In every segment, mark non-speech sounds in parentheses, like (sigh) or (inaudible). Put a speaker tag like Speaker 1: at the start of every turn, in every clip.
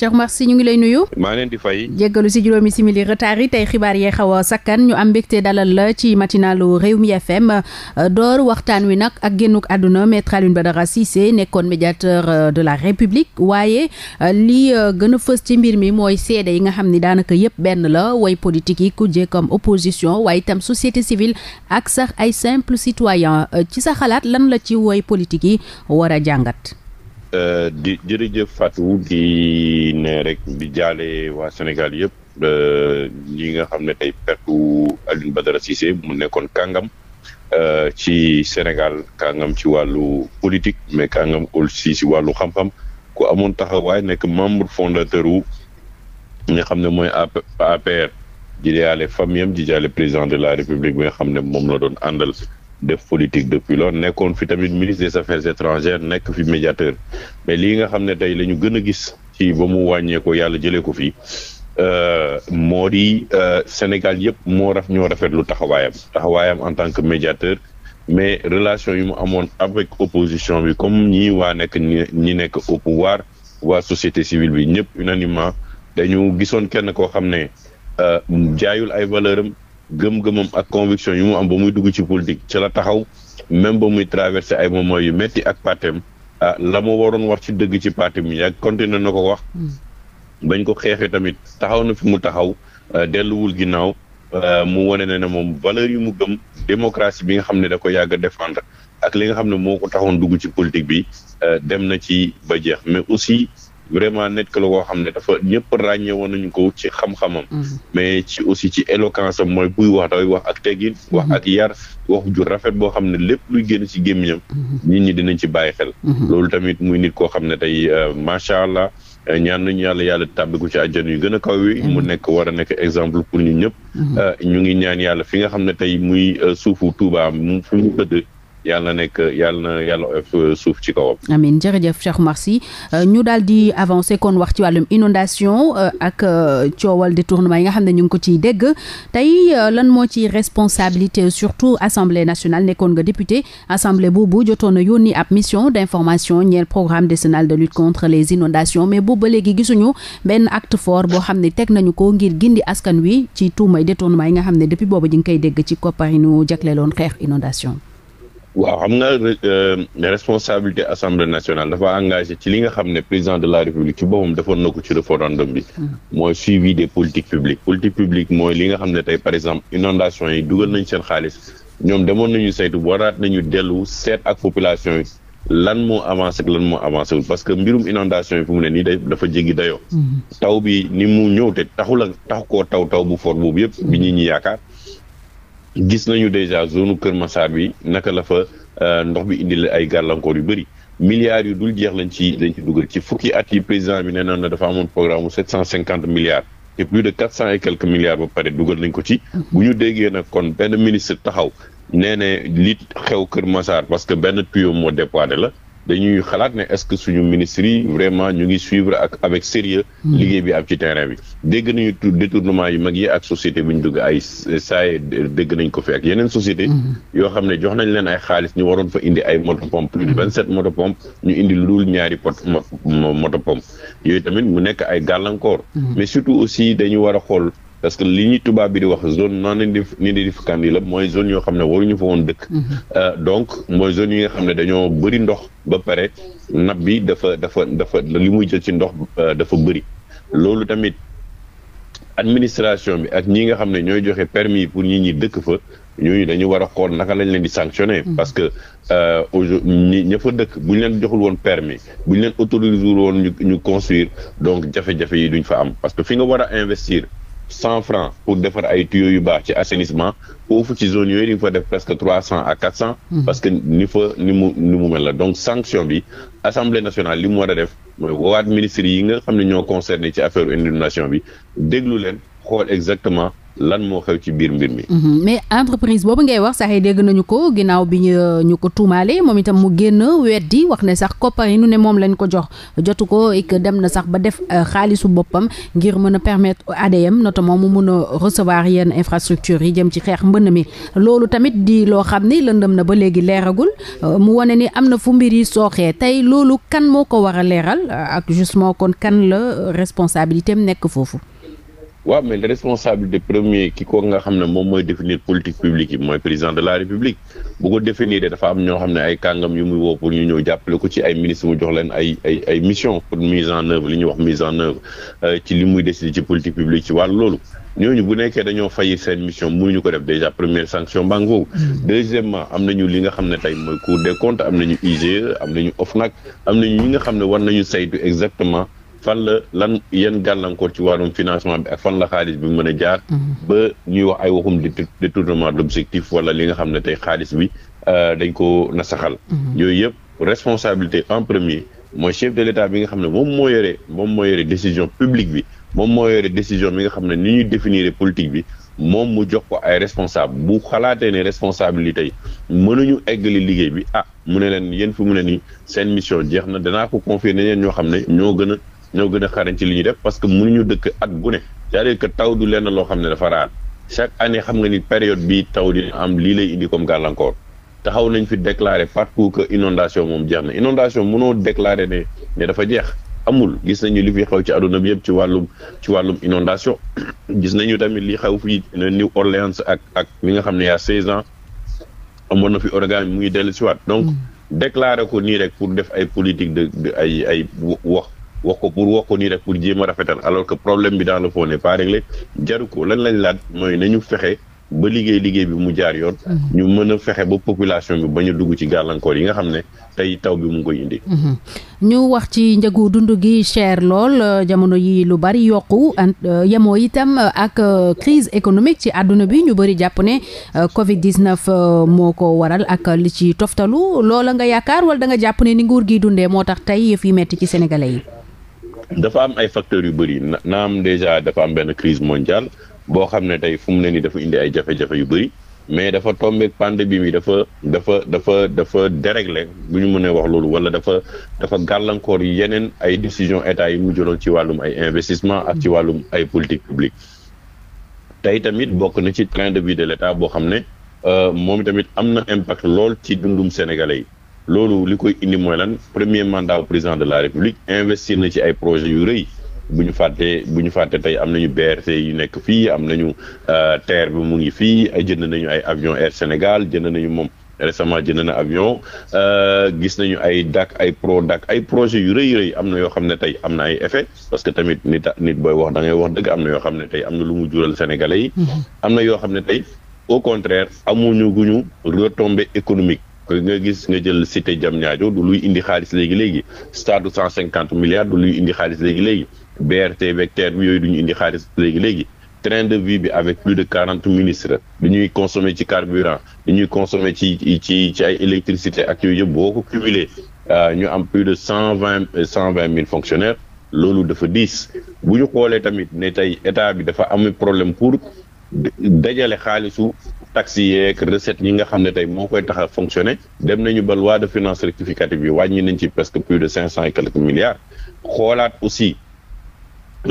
Speaker 1: Cheikh Oumar ñu ngi lay nuyu. maa leen si juróomi simili retard yi tey xibaar yee xaw a sakkan ñu am mbégte dalal la ci matinalu Rewmi FM euh, door waxtaan wi nag ak génnuk àdduna maître Alioune Badara Cissé nekkoon médiateur euh, de la République waaye euh, li gën a fës ci mbir mi mooy seede yi nga xam ni daanaka yépp benn la woy politique yi ku jee comme opposition waaye itam société civile ak sax ay simple citoyen ci sa xalaat lan la ci way politique yi war a jàngat.
Speaker 2: Euh, di jërëjëf Fatou di ne rek di jaale waa Sénégal yëpp euh, ñi nga xam ne tey pertu Alioune Badara Cissé mu nekkoon kàngam euh, ci Sénégal kangam ci wàllu politique mais kàngam aussi ci wàllu xam-xam ku amoon taxawaay nekk membre fondateur wu nga xam ne mooy APR di jaale famiyam di jaale président de la République xam ne moom la doon àndal def politique depuis loolu nekkoon fi tamit ministre des affaires étrangères nekk fi médiateur mais lii nga xam ne tey la ñu gën a gis ci ba mu wàññee yàlla jëlee ko fii euh, moo di euh, Sénégal yëpp moo raf ñoo lu taxawaayam taxawaayam en tant que médiateur mais relation yi mu amoon avec opposition bi comme ñii waa nekk ñi nekk au pouvoir waa société civile bi ñëpp unanimement dañu gisoon kenn koo xam ne euh, jaayul ay valeur am gëm-gëmam ak conviction yu mu am ba muy dugg ci politique ci la taxaw même ba muy traversé ay moments yu métti ak partem ah la mu waroon wax ci dëgg ci parti mi ak continué na ko wax hmm. bañ ko xeexee tamit taxaw na fi mu taxaw ah, delluwul ginnaaw ah, mu wane ne ne moom valeur yu mu gëm démocratie bi nga xam ne da ko yàgg a défendre ak li nga xam ne moo ko taxoon dugg ci politique bi ah, dem na ci ba jeex mais aussi vraiment nekk la koo xam ne dafa ñëpp ràññe woon nañu ko ci xam-xamam. Mm-hmm. mais ci aussi ci éloquence am mooy buy wax dafay wax ak tegin wax ak mm-hmm. yar wax ju rafet boo xam ne lépp luy génn ci gémmiñam. Mm-hmm. nit ñi dinañ ci bàyyi xel. loolu tamit muy nit koo xam ne tey euh, macha allah euh, ñaan nañu yàlla yàlla tàbbiku ci àjjana yi gën a kaw wi mu nekk war a nekk exemple pour ñu ñëpp. Euh, ñu ngi ñaan yàlla fi nga xam ne tey muy suufu Tuubaa mu fi mu tëdd. yàlla na nekk yàlla na yàlla oyof euh, suuf ci kawam.
Speaker 1: amiin jërëjëf Cheikh Oumar Sy euh, ñu daal di avancer kon wax ci wàllum inondation euh, ak coowal détournement yi nga xam ne ñu ngi ko ciy dégg tey lan moo ci responsabilité surtout assemblée nationale nekkoon nga député assemblée boobu jotoon a yónni ab mission d'information ñeel programme décennal de lutte contre les inondations mais boobu léegi gisuñu benn acte fort boo xam ne teg nañu ko ngir gindi askan wi ci tuumay détournement yi nga xam ne depuis boobu ñu ngi koy dégg ci koppar yi ñu jagleeloon xeex
Speaker 2: waaw xam nga euh, responsabilité assemblée nationale dafa engagé ci li nga xam ne président de la république ci boppam defoon na ko ci référendum bi. Hmm. mooy suivi des politiques publiques. politique publique mooy li nga xam ne tey par exemple inondation yi dugal nañ seen xaalis ñoom demoon nañu saytu waraat nañu dellu seet ak population yi lan moo avancé lan moo avancé wul parce que mbirum inondation yi fu mu ne nii dafa jéggi dayoo. Hmm. taw bi ni mu ñëw te taxul la taxu koo taw taw bu fort boobu yëpp bi ñu ñi yaakaar. gis nañu déjà zone Kër Massar bi naka la fa euh, ndox bi indil ay gàllankoor yu bari milliards yu dul jeex lañ ci lañ ci dugal ci fukki at yi président bi nee naan na dafa amoon programme mu sept cent cinquante milliards te plus de quatre cent et quelques milliards ba pare dugal nañ ko ci. Mhm. bu ñu déggee na kon benn ministre taxaw nee ne li xew Kër Massar parce que benn tuyau moo dépoilé la. dañuy xalaat ne est-ce que suñu ministres yi vraiment ñu ngi suivre ak avec sérieux hmm. liggéey bi am ci terrain bi dégg nañu détournement yu mag yi ak société bi ñu dugg ay saaye dégg nañ ko fi ak yeneen société hmm. yoo xam ne jox nañ leen ay xaalis ñu waroon fa indi ay moto pomp de hmm. vingt sept motopompe ñu indi luul ñaari moto pomp yooyu tamit mu nekk ay gàllankoor mais surtout aussi dañu war a xool parce que li ñuy tubaab bi di wax zone ni non aedificandi la mooy zone yoo xam ne waruñu fa woon dëkk mhm. euh, donc mooy zone yi nga xam ne dañoo bëri ndox ba pare nab bi dafa dafa dafa li muy jël ci ndox euh, dafa bëri loolu tamit administration bi ak ñi nga xam ne ñooy joxe permis pour ñi ñi dëkk fa ñooñu dañu war a xool naka lañ leen di sanctionner mhm. parce que euh, aujourd'hui ña fa dëkk bu leen joxul woon permis bu ñu leen autorisé woon ñu ñu construire donc jafe-jafe yi duñ fa am parce que fi nga war a investir cent francs pour defar ay tuyaux yu baax ci assainissement foofu ci zone yooyu di nga fa def presque trois cent à quatre cent mhm. parce que ni fa ni mu ni mu mel la donc sanction bi assemblée nationale li mu war a def mooy woowaat ministres yi nga xam ne ñoo concerné ci affaire inondation bi déglu leen xool exactement lan moo xew ci biir mbir mi.
Speaker 1: Mhm. mais entreprise boobu ngay wax sax yi dégg nañu ko ginnaaw bi ñu ko tuumaale moom itam mu génn weddi wax ne sax koppar yi nu ne moom lañ ko jox jotu ko dem na sax ba def euh, xaalisu boppam ngir mën a permettre ADM notamment mu mun a recevoir yenn infrastructure yi jëm ci xeex mbënn mi. loolu tamit di loo xam ni lëndëm na ba léegi leeragul euh, mu wane ni am na fu mbir yi sooxee tey loolu kan moo ko war a leeral euh, ak justement kon kan la responsabilité am nekk foofu.
Speaker 2: waaw mais le responsabilité premier ki ko nga xam ne moom mooy définir politique publique yi mooy président de la république bu ko définir dafa am ñoo xam ne ay kàngam yu muy woo pour ñu ñëw jàppale ko ci ay ministre mu jox leen ay ay ay mission pour mise en œuvre li ñuy wax mise en œuvre euh, ci li muy décider ci politique publique ci wàllu loolu ñooñu bu nekkee dañoo fayir seen mission ñu ko def déjà première sanction banque boobu mm. deuxièmement am nañu li nga xam ne tey mooy cour des nañu IGE am nañu OFNAC e, am nañu ñi nga xam ne war nañu saytu exactement fan la lan yenn gàllankoor ci wàllum financement bi ak fan la xaalis bi mën a jaar. Mhm. ba ñuy wax ay waxum détournement d'objectif wala li nga xam ne tey xaalis bi euh, dañ ko nasaxal. Mhm. yooyu yëpp responsabilité en premier mooy chef de l'État bi nga xam ne moom moo yore moom moo yore décision publique bi moom moo yore décision bi nga xam ne ni ñuy définir politique bi. moom mu jox ko ay responsable bu xalaatee ne responsabilité yi ñu eggali liggéey bi ah mu ne leen yéen fi nii seen mission jeex na danaa ko confier ne ñoo xam ne ñoo gën ñoo gën a xarañ ci li ñuy def parce que mënuñu dëkk at bu ne c'est-à-dire taw du lenn loo xam ne dafa raar chaque année xam nga ni période bi taw di am lii lay indi comme gàllankoor taxaw nañ fi déclarer partout que inondation moom jeex na inondation mënoo déclarer ne ne dafa jeex amul gis nañu li fi xew ci àdduna bi yëpp ci wàllum ci wàllum inondation (clears throat) gis nañu tamit li xew fii New Orleans ak ak li nga xam ne yaa 16 ans amoon na fi organ mu ngi dellu siwaat donc mm. déclarer ko nii rek pour def ay politique de ay ay wax wax ko pour wax ko nii rek pour jéem a rafetal alors que problème bi dans le fond n'est pas réglé jaru ko lan lañ laaj mooy nañu fexe ba liggéey liggéey bi mu jaar yoon. Mhm. ñu mën fexe ba population bi ba a dugg ci gàllankoor yi nga xam ne tey taw bi mu ngi koy indi.
Speaker 1: Mhm. ñu wax ci njëgu dund gi cher lool jamono yi lu bari yokku euh, yemoo itam ak euh, crise économique ci àdduna bi ñu bari jàpp ne euh, Covid 19 moo ko waral ak li ci toftalu loola nga yaakaar wala danga jàpp ne ni nguur gi dundee moo tax tey yëf yi metti ci sénégalais yi.
Speaker 2: dafa am ay facteurs yu bëri naam déjà dafa am benn crise mondiale boo xam ne tey fu mu ne nii dafa indi ay jafe-jafe yu bëri mais dafa tombé pandémie bi dafa dafa dafa dafa déréglé bu ñu mënee wax loolu wala dafa dafa gàllankoor yeneen ay décision état yi mu jëloon ci wàllum ay investissement ak ci wàllum ay politique publique tey tamit bokk na ci train de vie de l' boo xam ne euh, moom tamit am na impact lool ci dundum sénégalais yi loolu li koy indi mooy lan premier mandat au président de la république investir na ci ay projet yu rëy bu ñu fàttee bu ñu fàtte tey am nañu BRT yu nekk fii am nañu euh, TER bi mu ngi fii jënd nañu ay avion Air Sénégal jënd nañu moom récemment jënd na avion euh, gis nañu ay DAC ay pro DAC ay projet yu rëy rëy am na yoo xam ne tey am na ay effet parce que tamit nit nit booy wax dangay wax dëgg am na yoo xam ne tey am na lu mu jural sénégalais yi mm-hmm. am na yoo xam ne tey au contraire amuñu guñu retombée économique nga gis nga jël cité Diamniadio du luy indi xaalis léegi léegi stade cent cinquante milliards du luy indi xaalis léegi léegi BRT avec TER bi yooyu du ñu indi xaalis léegi léegi train de vie bi avec plus de quarante ministres li ñuy consommer ci carburant li ñuy consommer ci ci ci ay électricité ak boo ko cumulé euh, ñu am plus de cent vingt euh, cent vingt mille fonctionnaires loolu dafa diis bu ñu xoolee tamit ne tey état bi dafa am problème pour dajale xaalisu taxes yeeg recettes yi nga xam ne tey moo koy tax a fonctionner dem nañu ba waa de finances rectificative bi wàññi nañ ci presque plus de cinq cent et quelques milliards xoolaat aussi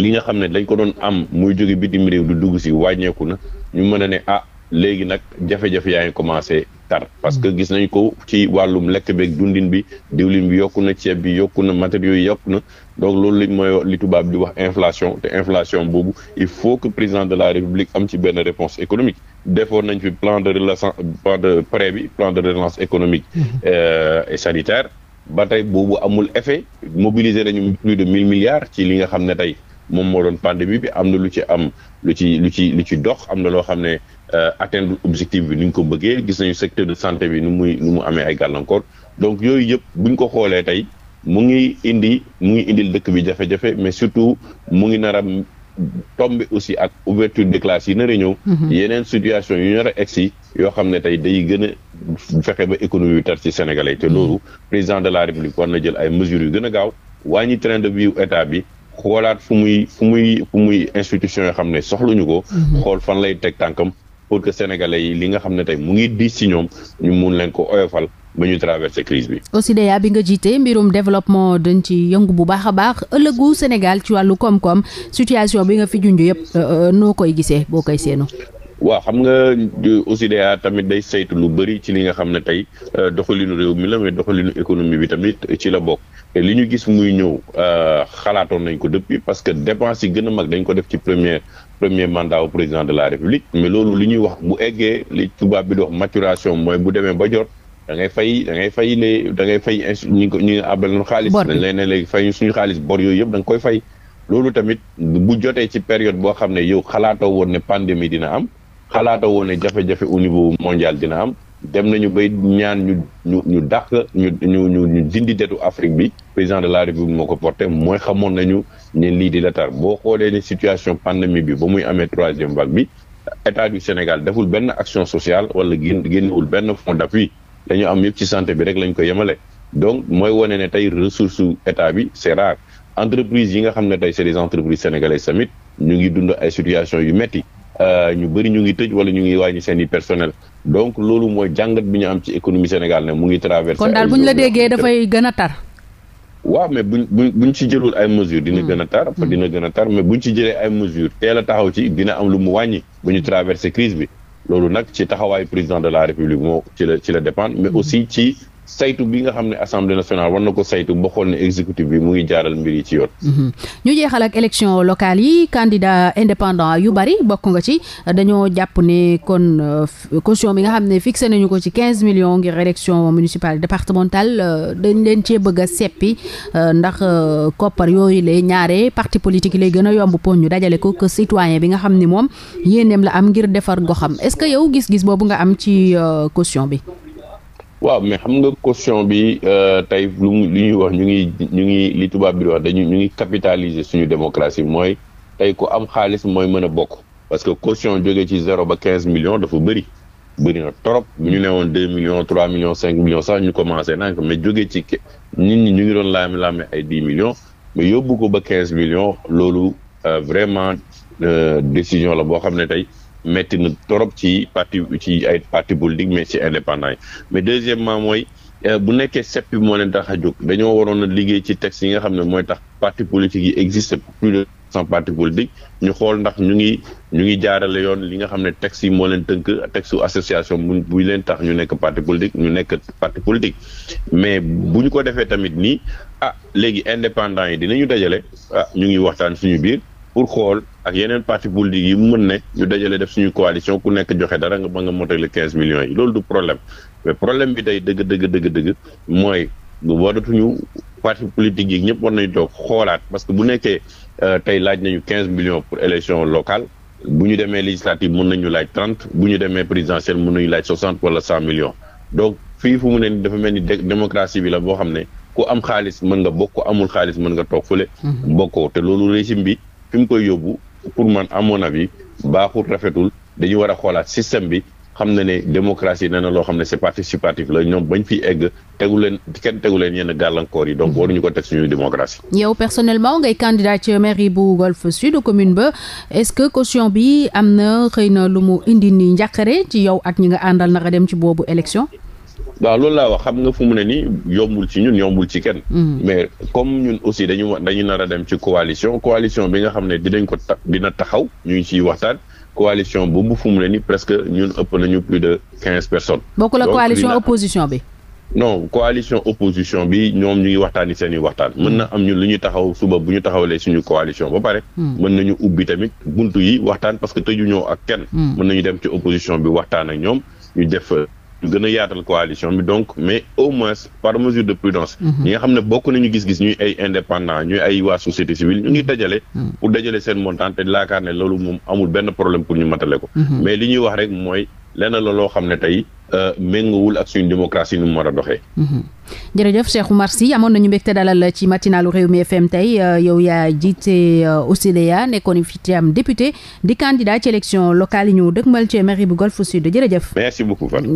Speaker 2: li nga xam ne dañ ko doon am muy jóge bitim réew du dugg si wàññeeku na ñu mën a ne ah léegi nag jafe-jafe yaa ngi commencé tar parce que gis nañ ko ci wàllum lekk beeg dundin bi diwlin bi yokku na ceeb bi yokku na matériaux yi yokku na donc loolu lañ mooy li tubaab di wax inflation te inflation boobu il faut que président de la république am ci benn réponse économique defoon nañ fi plan de relance plan de prêt bi plan de relance économique mhm. euh, et sanitaire ba tey boobu amul effet mobiliser nañu plus de mille milliards ci li nga xam ne tey moom moo doon pandémie bi am na lu ci am lu ci lu ci lu ci dox am na loo xam ne euh, atteindre objectif bi ni ñu ko bëggee gis nañu secteur de santé bi nu muy mu amee ay gàllankoor donc yooyu yëpp bu ñu ko xoolee tey mu ngi indi mu ngi indil dëkk bi jafe-jafe mais surtout mu ngi nar a tombé aussi ak ouverture des classes yi nar a ñëw. Mm-hmm. yeneen situation yu nar a egsi yoo xam ne tey day gën fexe ba économie bi tar ci Sénégalais te loolu mm-hmm. président de la République war jël ay mesures yu gën gaaw wàññi train de état bi. xoolaat fu muy fu muy muy institution yoo xam ne ñu ko. Mhm. xool fan lay teg tànkam pour que sénégalais yi li nga xam ne tey mu ngi diis ci ñoom ñu mun leen ko oyofal. ba ñu traversé crise bi.
Speaker 1: OSIDEA bi nga jiite mbirum développement dañ ci yëngu bu baax a baax ëllëgu Sénégal ci wàllu koom-koom situation bi nga fi junj yëpp euh, euh, noo koy gisee boo koy seenu
Speaker 2: waaw xam nga OCDEA ah, tamit day saytu lu bëri ci li nga xam ne tey euh, doxalinu réew mi la mais doxalinu économie bi tamit ci la bokk te li ñu gis muy ñëw euh, xalaatoon nañ ko depuis parce que dépense yi gën a mag dañ ko def ci première premier mandat président de la république mais loolu li ñuy wax bu eggee li tubaab bi di maturation mooy bu demee ba jot da ngay fay da fay les da ngay fay ñi ko ñi nga àbbaloon xaalis dañ lay ne léegi fay suñu xaalis bor yooyu yëpp da nga koy fay loolu tamit bu jotee ci période boo xam ne yow xalaatoo woon ne pandémie dina am xalaata woone ne jafe-jafe au niveau mondial dina am dem nañu bay ñaan ñu ñu ñu dàq ñu ñu ñu ñu dindi detu Afrique bi président de la République moo ko porté mooy xamoon nañu ne lii di latar boo xoolee ne situation pandémie bi ba muy amee troisième vague bi état du Sénégal deful benn action sociale wala génn génnewul benn fonds d'appui dañu am yëpp ci santé bi rek lañ ko yemale donc mooy wone ne tey ressource état bi c'est rare entreprise yi nga xam ne tey c'est des entreprises sénégalaises tamit ñu ngi dund ay situation yu metti Euh, ñu bëri ñu ngi tëj wala ñu ngi wàññi seen i personnel donc loolu mooy jàngat bu ñu am ci économie Sénégal ne mu ngi traversé. kon bu ñu déggee
Speaker 1: dafay gën a tar.
Speaker 2: waaw mais buñ buñ buñ ci jëlul ay mesures dina hmm. gën a tar fa hmm. dina gën a tar mais buñ ci jëlee ay mesures teela taxaw ci dina am lu mu wàññi bu ñu traversé crise bi loolu nag ci taxawaayu président de la république moo ci la ci la dépendre mais hmm. aussi ci saytu bi nga xam ne assemblée nationale war na ko saytu ba xool ne exécutif bi mu ngi jaaral mbir yi ci yoon.
Speaker 1: Mhm. ñu jeexal ak élection locale yi candidat indépendant yu bari bokk nga ci dañoo jàpp ne kon euh, caution bi nga xam ne fixé nañu ko ci quinze millions ngir élection municipale départementale euh, dañ leen cee bëgg a seppi euh, ndax koppar yooyu lay ñaare parti politique lay gën a yomb pour ñu dajale ko que citoyen bi nga xam ni moom yéeneem la am ngir defar goxam est-ce que yow gis-gis boobu nga am ci caution bi.
Speaker 2: waaw mais xam nga caution bi euh, tey lu lu ñuy wax ñu ngi ñu ngi li tubaab bi di wax dañu ñu ngi capitaliser suñu démocratie mooy tey ku am xaalis mooy mën a bokk parce que caution jóge ci zero ba quinze millions dafa bëri bëri na trop ñu ne woon deux millions trois millions cinq millions sax ñu commencé naan mais jógee ci nit ñi ñu ngi doon laami laami ay dix millions mais yóbbu ko ba quinze millions loolu euh, vraiment euh, décision la boo xam ne tey metti na torop ci parti ci ay parti politique mais ci indépendant yi mais deuxièmement mooy euh, bu nekkee sepp moo leen tax a jóg dañoo waroon a liggéey ci texte yi nga xam ne mooy tax parti politique yi existe plus de sans parti politique ñu xool ndax ñu ngi ñu ngi jaarale yoon li nga xam ne texte yi moo leen tënk texte association bu ñu leen tax ñu nekk parti politique ñu nekk parti politique mais bu ñu ko defee tamit nii ah léegi indépendant yi dinañu dajale ah ñu ngi waxtaan suñu biir pour xool ak yeneen parti politique yi mu mën ne ñu dajale def suñu coalition ku nekk joxe dara nga ba nga motale quinze millions yi loolu du problème mais problème bi day dëgg dëgg dëgg mooy waratuñu parti politique yi ñëpp war nañu toog xoolaat parce que bu nekkee euh, tey laaj nañu quinze millions pour élection locale bu ñu demee législative mën nañu laaj trente bu ñu demee présidentielle mën nañu laaj soixante wala cent millions donc fii fu mu ne dafa mel ni démocratie bi la boo xam ne ku am xaalis mën nga bokk amul xaalis mën nga toog fële mm-hmm. fi mu koy yóbbu pour man amoon mon avis baaxul rafetul dañu war a xoolaat système bi xam na ne démocratie nee na loo xam ne c'est participatif la ñoom bañ fi egg tegu leen kenn teguleen leen yenn gàllankoor yi donc waruñu ko teg suñuy démocratie.
Speaker 1: yow personnellement ngay candidat ci mairie bu Golf Sud commune ba est-ce que caution bi am na xëy na lu mu indi ni njàqare ci yow ak ñi nga àndal naka dem ci boobu élection.
Speaker 2: waaw loolu laa wax xam nga fu mu ne nii yombul ci ñun yombul ci kenn. Mm. mais comme ñun aussi dañu dañu nar a dem ci coalition coalition bi nga xam ne dinañ ko ta dina taxaw ñu ngi ciy waxtaan. coalition boobu fu mu ne nii presque ñun ëpp nañu plus de quinze personnes. bokkul la coalition
Speaker 1: opposition bi.
Speaker 2: non coalition opposition bi ñoom ñu ngi waxtaani seen i waxtaan. Mm. mën na am ñun lu ñuy taxaw suba bu ñu taxawalee suñu coalition ba pare. Mm. mën nañu ubbi tamit bunt yi waxtaan parce que tëju ñoo ak kenn. mën nañu dem ci opposition bi waxtaan ak ñoom ñu def. ñu gën a yaatal coalition bi donc mais au moins par mesure de prudence. Mhm. ñi nga xam ne bokk nañu gis-gis ñuy ay indépendant ñuy ay waa société civile ñu ngi dajale. Mhm. pour dajale seen montant te laakaar ne loolu moom amul benn problème pour ñu matale ko. Mhm. mais li ñuy wax rek mooy lenn la xam ne tey euh, méngoowul ak suñu démocratie nu mu war a doxee.
Speaker 1: jërëjëf Cheikh Oumar Sy amoon nañu mbégte dalal ci matinalu Rewmi FM tey euh, yow yaa jiite euh, OCDEA nekkoon fi ci
Speaker 2: yi